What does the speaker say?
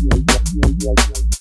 yeah, yeah, yeah, yeah, yeah.